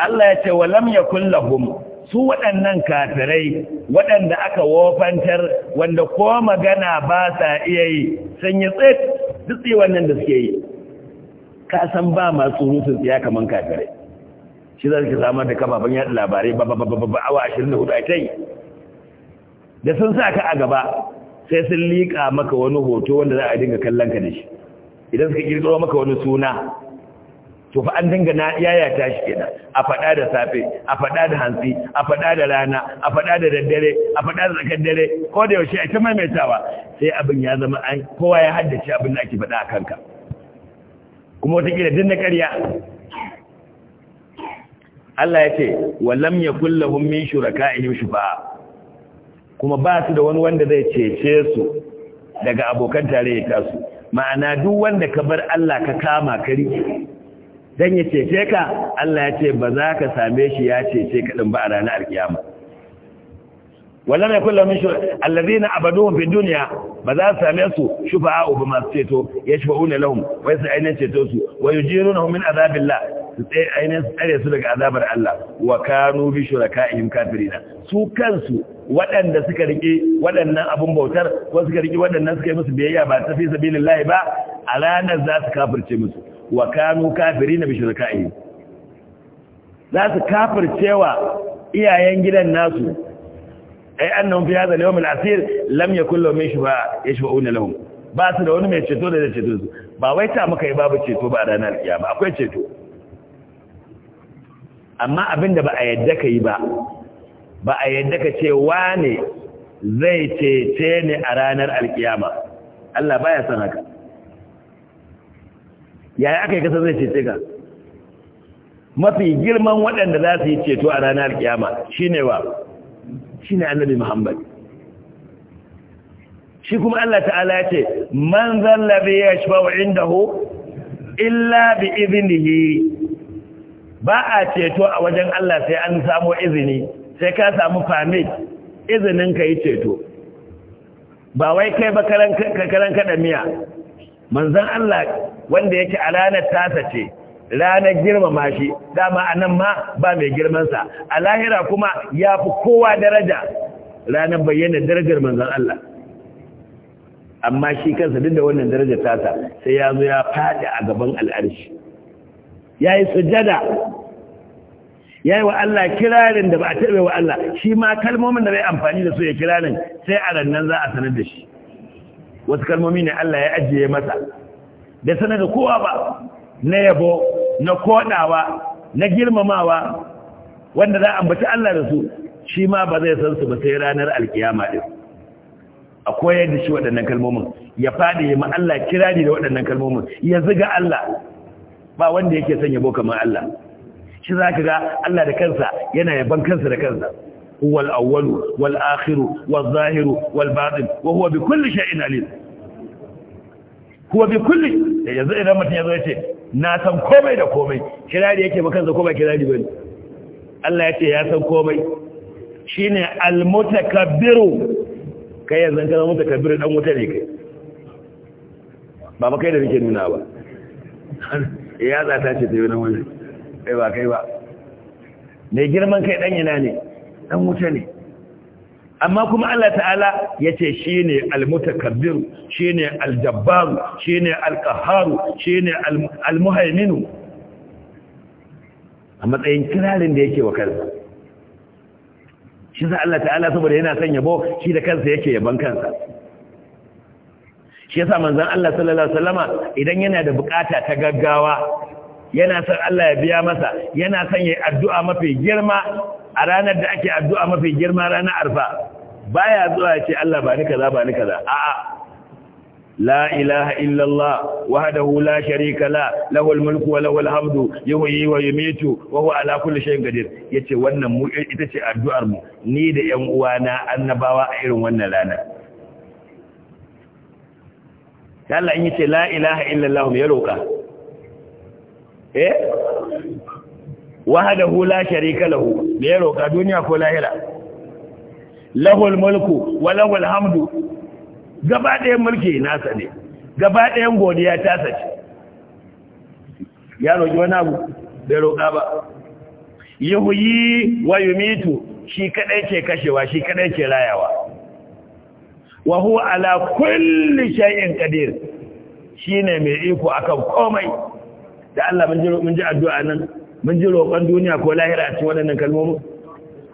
Allah ya ce walam yakul lahum su waɗannan kafirai waɗanda aka wofantar wanda ko magana ba sa iya yi sun yi tsit dutse wannan da suke yi ka san ba masu rutun tsiya kamar kafirai shi za su samar da kafafen yaɗa labarai ba ba ba ba awa 24 a kai da sun sa ka a gaba sai sun liƙa maka wani hoto wanda za a dinga kallon ka da shi idan suka kirkiro maka wani suna to fa an dinga na yaya ta shi kenan a fada da safe a fada da hantsi a fada da rana a fada da daddare a fada da tsakar dare ko da yaushe a ta maimaitawa sai abin ya zama an kowa ya haddace abin da ake fada a kanka kuma wata kila din na ƙarya Allah ya ce walam yakul min shuraka'ihim shufa'a kuma ba su da wani wanda zai cece su daga abokan ya tasu ma'ana duk wanda ka bar Allah ka kama kari dan ya cece ka Allah ya ce ba za ka same shi ya cece ka din ba a ranar alkiyama wallahi kullu min alladhina abaduhum fi dunya ba za su same su shufa'a'u ba masu ceto yashfa'una lahum wa yas'aluna ceto su wa yujirunahum min azabillah su ainihin tsare su daga azabar Allah wa kanu bi shuraka'ihim kafirina su kansu waɗanda suka rike waɗannan abun bautar ko suka rike waɗannan suka yi musu biyayya ba ta fi lahi ba a ranar za su kafirce musu wa kanu kafirina bi shirkai za su cewa iyayen gidan nasu ai annahum fi hada yawm al-asir lam yakul lahum yashfa yashfa'una lahum ba su da wani mai ceto da zai ceto su ba wai ta muka yi babu ceto ba ranar kiyama akwai ceto amma abin da ba a yadda ka yi ba ba a yadda ka ce wane zai cece ne a ranar alkiyama Allah baya son haka yaya aka yi kasar zai cece ka mafi girman waɗanda za su yi ceto a ranar kiyama shi ne wa shi ne annabi muhammad shi kuma allah ta'ala ya ce man zallabe ya shi bawa inda hu, illa bi izinihi ba a ceto a wajen allah sai an samu izini sai ka samu famit izinin ka yi ceto ba wai kai ba karan kaɗa miya manzan Allah wanda yake alanar tasa ce ranar girmama shi dama a nan ma ba mai girmansa a lahira kuma ya fi kowa daraja ranar bayyana darajar manzan Allah amma shi kansa duk da wannan darajar tasa sai ya zo ya faɗi a gaban al'arshi ya yi sujada ya yi wa Allah kirarin da ba a taɓe wa Allah shi ma kalmomin da bai amfani da su ya kirarin sai a rannan za a sanar da shi wasu kalmomi ne Allah ya ajiye masa da sanar da kowa ba na yabo na kodawa na girmamawa wanda za a ambaci Allah da su shi ma ba zai san su ba sai ranar alkiyama din a koyar da shi waɗannan kalmomin ya faɗi ya Allah kirari da waɗannan kalmomin ya ziga Allah ba wanda yake son yabo kamar Allah shi za ka ga Allah da kansa yana yaban kansa da kansa huwal awwalu wal akhiru wal zahiru wal batin wa huwa bi kulli shay'in alim huwa bi kulli da eh, yanzu idan mutum ya zo ya ce na san komai da komai kirari yake ba kansa komai kirari bane Allah ya ce ya san komai shine al-mutakabbiru kai yanzu kana mutakabbiru dan wuta ne kai ba ba kai da nake nuna ba [laughs] ya za ta ce dai wannan wani kai ba kai ba mai girman kai dan yana ne dan wuta ne amma kuma Allah ta'ala ya ce shi ne almutakabbiru shi ne aljabbaru shi ne alkaharu shi ne a matsayin kirarin da yake wa kansa shi sa Allah ta'ala saboda yana son yabo shi da kansa yake yaban kansa shi yasa manzon Allah sallallahu alaihi wasallama idan yana da bukata ta gaggawa yana son Allah ya biya masa yana son ya yi addu'a mafi girma a ranar da ake addu'a mafi girma ranar arfa baya zuwa ya ce Allah ba ni kaza ba ni kaza a'a la ilaha illallah wahdahu la sharika la lahu mulku wa lahu hamdu yuhyi wa yumitu wa huwa ala kulli shay'in qadir yace wannan mu ita ce addu'ar mu ni da ƴan uwana annabawa a irin wannan rana Allah in yace la ilaha illallah mu ya roka eh wahdahu la sharika lahu me ya roka duniya ko lahira lahul mulku wa lahul hamdu gaba ɗayan mulki nasa ne gaba ɗayan godiya ta sace ya roki wani abu bai roka ba yuhyi wa yumitu shi kadai ce kashewa shi kadai ce rayawa wa huwa ala kulli shay'in qadir shine mai iko akan komai da Allah mun ji addu'a nan mun ji roƙon duniya ko lahira a cikin waɗannan kalmomin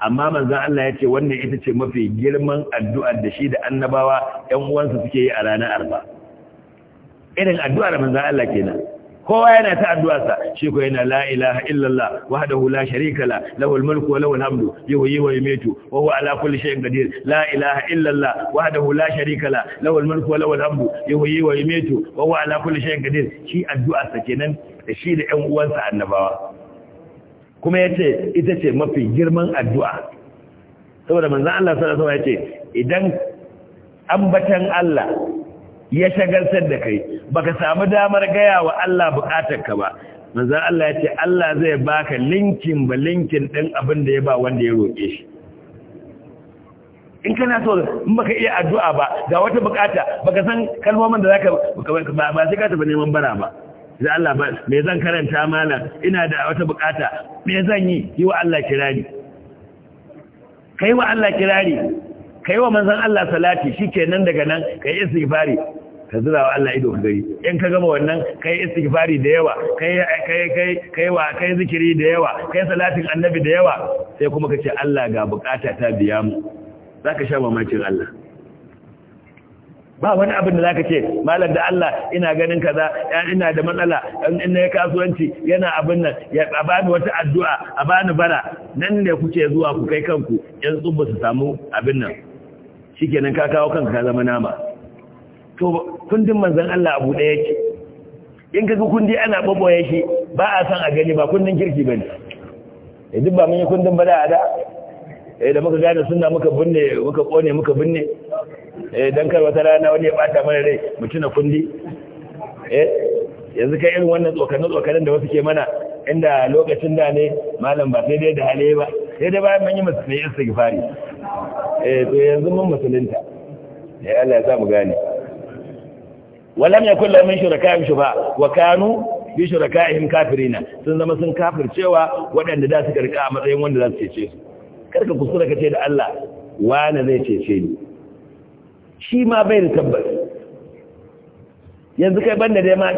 amma manzon Allah ya ce wannan ita ce mafi girman addu'ar da shi da annabawa ‘yan uwansa suke yi a ranar arba irin addu'ar manzon Allah kenan kowa yana ta addu'arsa shi ko yana la illallah wahdahu la sharika la lahul mulku wa lahul hamdu yi wa yumiitu wa huwa ala kulli shay'in qadir la ilaha illallah wahdahu la sharika la lahul mulku wa lahul hamdu yuhyi wa yumiitu wa huwa ala kulli shay'in qadir shi addu'arsa kenan da shi da ‘yan uwansa annabawa kuma ya ce ita ce mafi girman addu'a saboda manzan Allah sarasama ya ce idan ambatan Allah ya shagaltar da kai baka samu damar gaya wa Allah bukatarka ba manzan Allah ya ce Allah zai baka linkin ba linkin ɗin abin da ya ba wanda ya roƙe shi in kana so in baka iya addu'a ba ga wata bukata baka san kalmomin da zaka ba sai ka tafi neman bara ba da Allah ba me zan karanta mana ina da wata bukata me zan yi yi wa Allah kirari kai wa Allah kirari kai wa manzon Allah salati shikenan daga nan kai istighfari ka zira wa Allah ido gari in ka gama wannan kai istighfari da yawa kai kai kai kai wa kai zikiri da yawa kai salatin annabi da yawa sai kuma ka ce Allah ga bukata ta biya mu zaka sha mamakin Allah ba wani abin da zaka ce malam da Allah ina ganin kaza ina da matsala in ne kasuwanci yana abin nan ya bani wata addu'a a bani bara nan ne kuke zuwa ku kai kanku yan tsubba su samu abin nan shikenan ka kawo kanka ka zama nama to kundin manzon Allah abu daya yake in ka ga kundi ana baboye shi ba a san a gani ba kundin kirki bane idan eh, ba mun yi kundin bada ada eh da muka gane sunna muka binne muka kone muka binne eh dan kar wata rana wani ya bata mana rai mu tuna kundi eh yanzu kai irin wannan tsokanin tsokanin da wasu ke mana inda lokacin da ne malam ba sai dai da hali ba sai dai bayan mun yi musulmi istighfari eh to yanzu mun musulunta ya eh, Allah ya sa mu gane walam yakul lahum min shuraka'ihim shuba wa kanu bi shuraka'ihim kafirina sun zama sun kafircewa waɗanda da suka rika a matsayin wanda za su cece su karka kusura ka ce da Allah wane zai cece ni shi ma bai da tabbas yanzu kai banda dai ma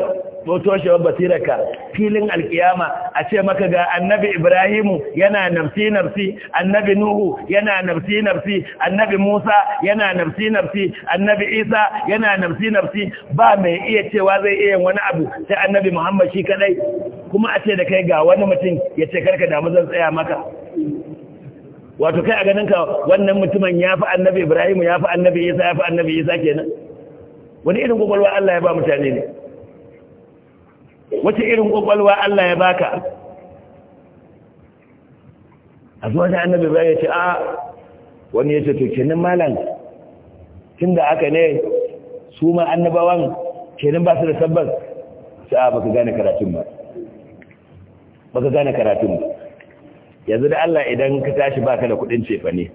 wa basirarka filin alkiyama a ce maka ga annabi ibrahimu yana nafsi-nafsi annabi nuhu yana nafsi-nafsi annabi musa yana nafsi-nafsi annabi isa yana nafsi-nafsi ba mai iya cewa zai iya wani abu sai annabi muhammad shi kadai kuma a ce da kai ga wani mutum ya ce karka damu zan tsaya maka wato kai a ganin ka wannan mutumin ya fi annabi ibrahim ya fi annabi isa ya fi annabi isa kenan wani irin kwakwalwa allah ya ba mutane ne wace irin kwakwalwa allah ya baka a zuwa da annabi ibrahim ya ce a wani ya ce to kenan malam tun da aka ne su ma annabawan kenan ba su da tabbas sa'a baka gane karatun ba baka gane karatun ba yanzu da Allah idan ka tashi baka da kudin cefane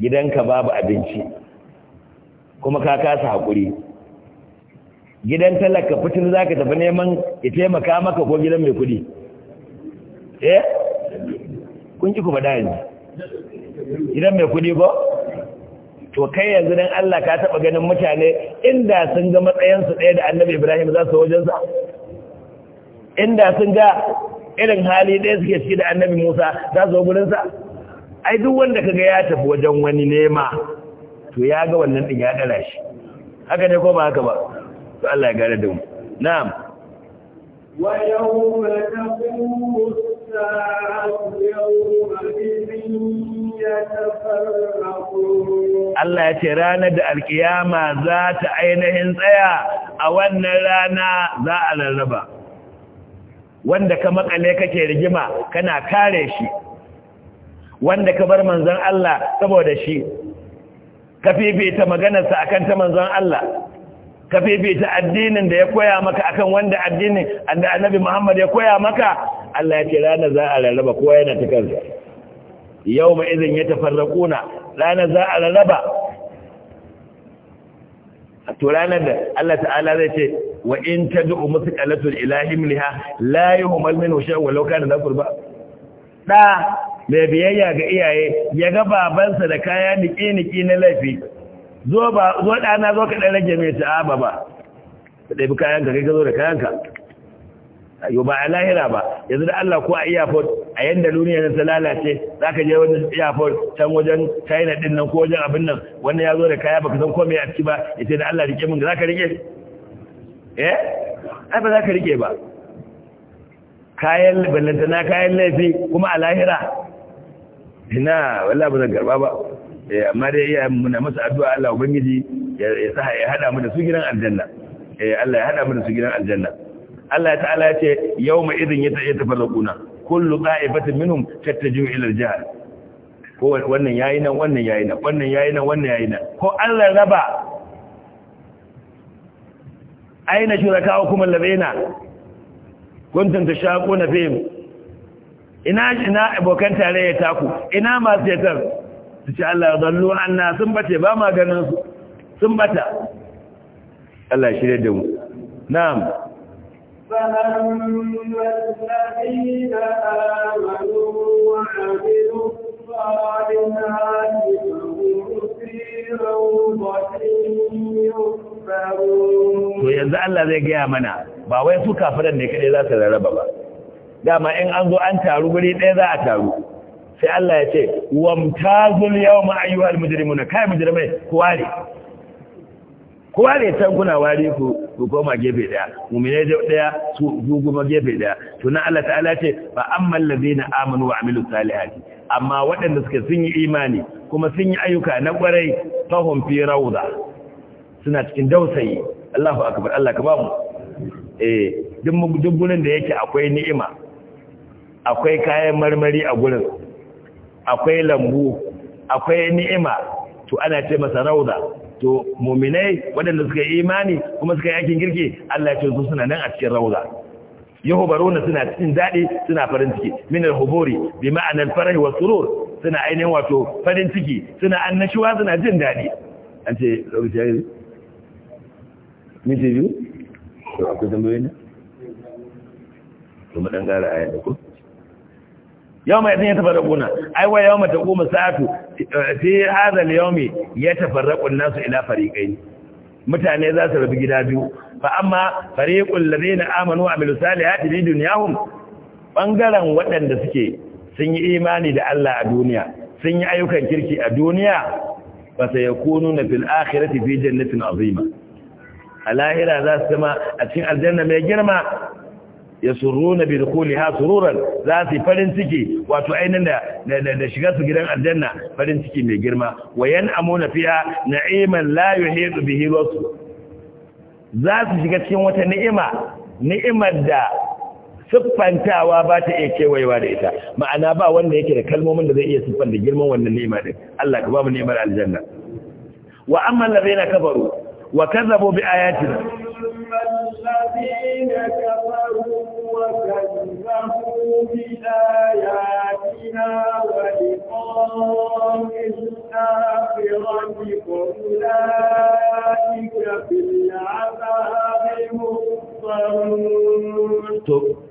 gidanka babu abinci kuma ka kasa hakuri gidan talaka fitin zaka tafi neman ya taimaka maka ko gidan mai kudi eh kun ki ku bada yanzu gidan mai kudi ba to kai yanzu dan Allah ka taba ganin mutane inda sun ga matsayinsu ɗaya da Annabi Ibrahim za su wajensa inda sun ga irin hali ɗaya suke ciki da annabi musa za su gurinsa ai duk wanda kaga ya tafi wajen wani nema to ya ga wannan ɗin ya ɗara shi haka ne ko ba haka ba to allah ya gare da mu na'am ويوم Allah ya ce ranar da alkiyama za ta ainihin tsaya a wannan rana za a lalaba. wanda ka makale kake rigima kana kare shi wanda ka bar manzon Allah saboda shi ka fifita maganarsa akan ta manzon Allah ka fifita addinin da ya koya maka akan wanda addinin da annabi Muhammad ya koya maka Allah ya ce rana za a rarraba kowa yana ta kansa yawma ya tafarraquna rana za a rarraba to ranar da Allah ta'ala zai ce wa in tad'u musqalatul ilahi milha la yuhmal minhu shay'un walau kana dha qurba da mai biyayya ga iyaye ya ga babansa da kaya niki niki na laifi zo ba zo dana zo ka dan rage mai ta baba ka bi kayan ka kai zo da kayanka. yau ba a lahira ba yanzu da Allah ko a airport a yanda duniya ta lalace za ka je wani airport can wajen china din nan ko wajen abin nan wannan ya zo da kaya baka san komai a ciki ba ya ce da Allah rike min za ka rike eh ai ba za ka rike ba kayan ballantana kayan laifi kuma a lahira ina wallahi ba zan karba ba eh amma dai iya muna masa addu'a Allah ubangiji ya sa ya hada mu da su gidan aljanna eh Allah ya hada mu da su gidan aljanna Allah ta'ala ya ce yawma idin Kullum kullu qa'ibatin minhum tattaju ila al-jahl ko wannan yayi nan wannan yayi nan wannan yayi nan wannan yayi nan ko Allah raba aina shurakaukum allazina kuntum tashaquna fihim ina ina abokan tarayya taku ina masu yatar su ce Allah zallu anna sun bace ba maganin su sun bata Allah shirye da mu na'am To yanzu Allah zai gaya mana ba wai su kafiran ne kaɗai za su rarraba ba, dama in an zo an taru guri ɗaya za a taru, sai Allah ya ce, Wamtazul yau ma'ayyuhar mujirimuna kai mujirimai, kuwa ne, kowa ne can kuna wari ku ku koma gefe daya mu'mine daya su ku kuma gefe daya to na Allah ta'ala ce fa amma na amanu wa amilu salihati amma waɗanda suke sun yi imani kuma sun yi ayyuka na kwarai fahum fi rawda suna cikin dausayi Allahu akbar Allah ka ba mu eh duk duk gurin da yake akwai ni'ima akwai kayan marmari a gurin akwai lambu akwai ni'ima to ana ce masa rawda to muminai waɗanda suka yi imani kuma suka yi aikin girki Allah ya ce su suna nan a cikin rauza yahubaruna suna cikin daɗi suna farin ciki min al-huburi bi ma'anar farahi wa surur suna ainihin wato farin ciki suna annashuwa suna jin daɗi an ce lokaci ya yi minti biyu to akwai tambayoyi ne kuma ɗan dan ƙara aya da yawma mai ya tafarraquna ai wa mata taqumu sa'atu fi hadha al Ya yatafarraqu nasu ila fariqayn mutane za su rabu gida biyu fa amma fariqul ladina amanu wa amilus salihati duniya dunyahum bangaren waɗanda suke sun yi imani da Allah a duniya sun yi ayyukan kirki a duniya ba sai kunu na fil akhirati fi jannatin azima a lahira za su zama a cikin aljanna mai girma ya suruna bi ha sururan za su farin ciki wato ainin da shiga su gidan aljanna farin ciki mai girma Wayan yan'amuna fiha na'iman la yuhitu bihi wasu za su shiga cikin wata ni'ima ni'imar da siffantawa ba ta iya kewayewa da ita ma'ana ba wanda yake da kalmomin da zai iya da girman wannan ni'ima din Allah ka ba mu ni'imar aljanna wa amma allazina Kabaru, wa kazzabu bi ayatina الذين كفروا بآياتنا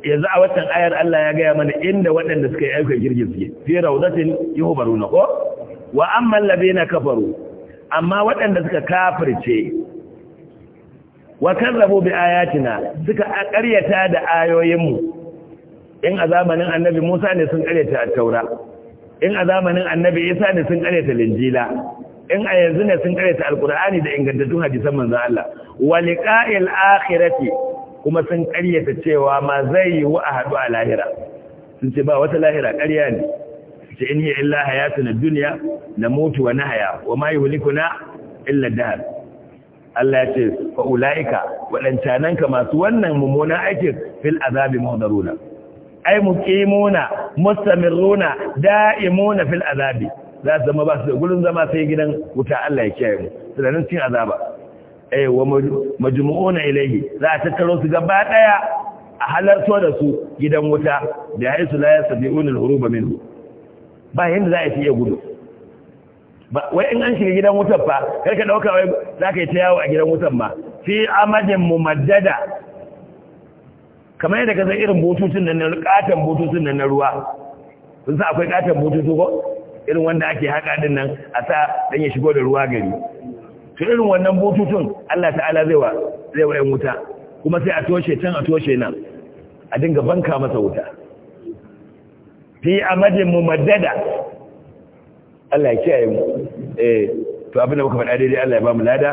yanzu a watan ayar Allah ya gaya mana inda waɗanda suka yi aikin jirgin suke fiye da fi raudatin yuhbaru na ko wa an mallabe na kafaru amma waɗanda suka kafirce wa kan karrabu bi ayatina suka a ƙaryata da ayoyinmu in a zamanin annabi musa ne sun karyata taura in a zamanin annabi isa ne sun karyata linjila in a yanzu ne sun karyata alkur'ani da ingantattun hadisan manzon Allah wa liqa'il akhirati kuma sun karyata cewa ma zai yi wa hadu a lahira sun ce ba wata lahira ƙarya ne ce in hiya illa hayatuna dunya namutu wa nahya wa ma yuhlikuna illa dahr Allah ya ce fa ulaika wadancananka masu wannan mummunan aikin fil azabi muhdaruna ai muqimuna mustamiruna da'imuna fil azabi za su zama ba su gurin zama sai gidan wuta Allah ya kiyaye mu tunanin cin azaba eh wa majmu'una ilayhi za a taro su gaba daya a halarto da su gidan wuta da ya su la yasbi'una al-huruba minhu ba yanda za a iya gudu wai in an shiga gidan wutar fa kai ka dauka wai za ka yi ta yawo a gidan wutar ma fi amadin mumaddada kamar yadda ka san irin bututun nan na katon bututun nan na ruwa sun sa akwai katon bututu ko irin wanda ake haka din nan a sa dan ya shigo da ruwa gari to irin wannan bututun Allah ta'ala zai wa zai wa wuta kuma sai a toshe can a toshe nan a dinga banka masa wuta fi amadin mumaddada Allah ya kiyaye mu eh to abin da muka faɗa daidai Allah ya ba mu lada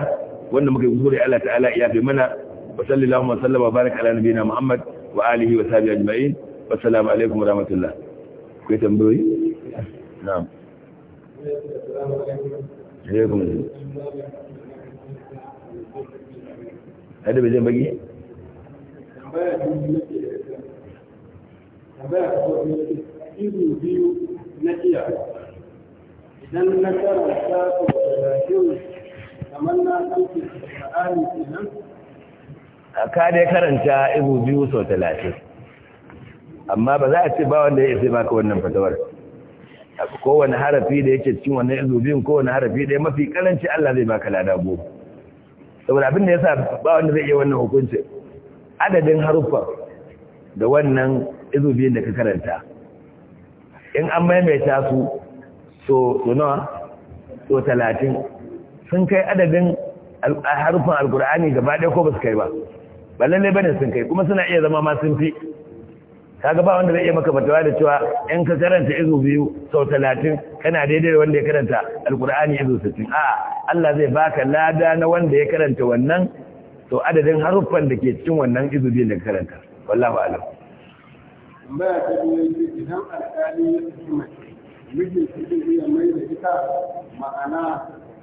wanda muka yi kuskure Allah ta'ala ya fi mana wa sallallahu alaihi wa sallama baraka ala nabiyina Muhammad wa alihi wa sahbihi ajma'in salamu alaikum wa rahmatullah ku tambayoyi na'am alaikum hada bai zan bagi ido biyu na iya idan na karanta da kamar na ɗauke da kenan ka dai karanta ibu biyu sau talatin amma ba za a ce ba wanda ya isa maka wannan fatawar kowane harafi da yake cikin wannan ibu biyun kowane harafi da mafi karanci Allah zai baka lada goma saboda abin da ya sa ba wanda zai iya wannan hukuncin adadin haruffan da wannan ibu biyun da ka karanta in an maimaita su so nawa so talatin sun kai adadin harufan alkur'ani gaba ɗaya ko ba su kai ba ba lalle bane sun kai kuma suna iya zama ma sun fi kaga ba wanda zai iya maka fatawa da cewa in ka karanta izu biyu sau talatin kana daidai wanda ya karanta alkur'ani izu sittin a'a Allah zai baka lada na wanda ya karanta wannan to adadin haruffan da ke cikin wannan izu biyu da karanta wallahu alam ba ta yi idan alƙali ya saki mace mijin zai iya mai da ita ma'ana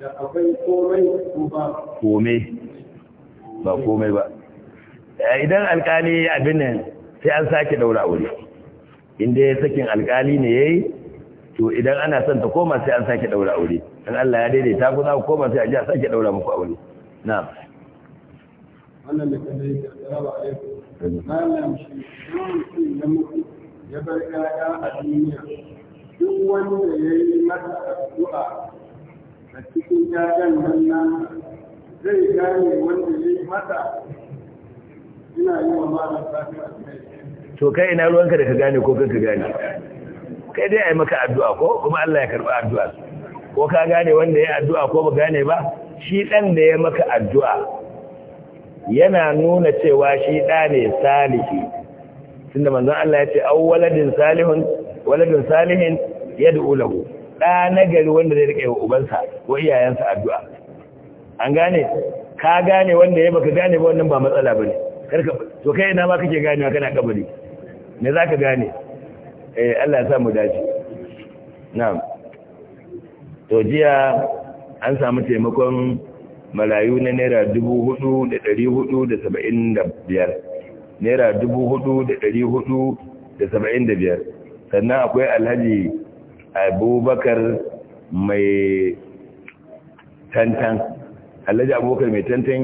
da akwai komai ko ba komai ba komai ba idan alkali abin nan sai an sake daura aure inda ya sakin alkali ne yayi to idan ana son ta koma sai an sake daura aure dan Allah ya daidaita ku za ku koma sai a ji a sake daura muku aure na'am wannan da duk wanda masa a zai gane wanda yi masa to kai ina ruwanka da ka gane ko kanka gane kai dai ai maka addu'a ko kuma Allah ya karba addu'a ko ka gane wanda ya addu'a ko ba gane ba shi dan da ya maka addu'a yana nuna cewa shi da ne salihi tunda manzon Allah ya ce awwaladin salihun waladin salihin yad'u lahu da nagari wanda zai rike wa ubansa ko iyayensa addu'a an gane ka gane wanda ya baka gane ba wannan ba matsala bane karka to kai ina ma kake ganewa kana kabari me za ka gane eh Allah ya sa mu dace na'am to jiya an samu taimakon malayu na naira dubu hudu da dari hudu da saba'in da biyar naira dubu hudu da dari hudu da saba'in da biyar sannan akwai alhaji abubakar mai tantan alhaji abubakar mai tantan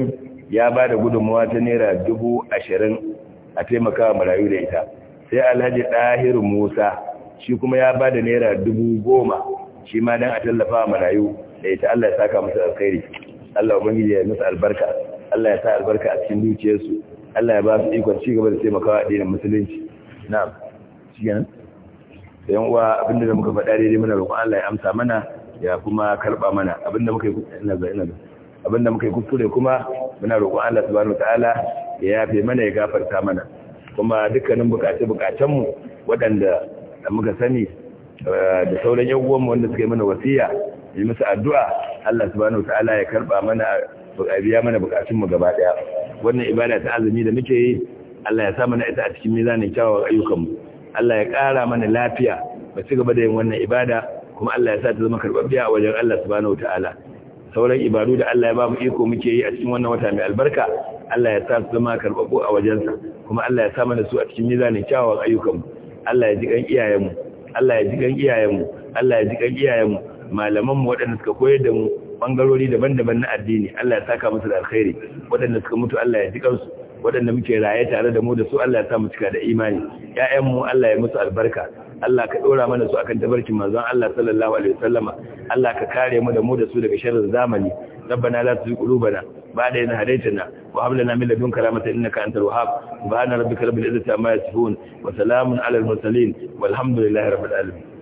ya ba da gudunmuwa ta naira dubu ashirin a taimaka marayu da ita sai alhaji ɗahiru musa shi kuma ya ba da naira dubu goma shi ma don a tallafa marayu da ita allah ya saka musu alkhairi allah ya musu albarka allah ya sa albarka a cikin dukiyarsu allah ya ba su ikon ci gaba da taimakawa addinin musulunci na'am shi kenan uwa abinda da muka faɗa daidai muna roƙon allah ya amsa mana ya kuma karɓa mana abinda muka yi na zai na zai abinda muka yi kuskure kuma muna roƙon Allah subhanahu wataala ya yafe mana ya gafarta mana kuma dukkanin bukace bukacen waɗanda waɗanda muka sani eh, da sauran yan uwan mu wanda suka yi mana wasiya yi musu addu'a Allah subhanahu wataala ya karba mana biya mana bukatun mu gaba daya wannan ibada ta azumi da muke yi Allah ya sa mana ita a cikin mizanin kyawawan ayyukanmu. Allah ya ƙara mana lafiya ba ci gaba da yin wannan ibada kuma Allah ya sa ta zama karɓaɓɓiya a wajen Allah subhanahu wataala sauran ibadu da Allah ya ba mu iko muke yi a cikin wannan wata mai albarka Allah ya sa su zama karbabo a wajensa kuma Allah ya sa mana su a cikin mizanin kyawawan ayyukanmu Allah ya ji kan iyayenmu Allah ya ji kan iyayenmu Allah ya ji kan iyayenmu malamanmu waɗanda suka koyar da mu bangarori daban-daban na addini Allah ya saka musu da alkhairi waɗanda suka mutu Allah ya ji su. waɗanda muke raye tare da mu da su Allah ya sa mu cika da imani mu Allah ya musu albarka Allah ka ɗora mana su akan tabarkin manzon Allah sallallahu alaihi wasallama Allah ka kare mu da mu da su daga sharrin zamani ربنا لا تزغ قلوبنا بعد إذ هديتنا وهب لنا من لدنك رحمة إنك أنت الوهاب سبحان ربك رب العزة عما يصفون وسلام على المرسلين والحمد لله رب العالمين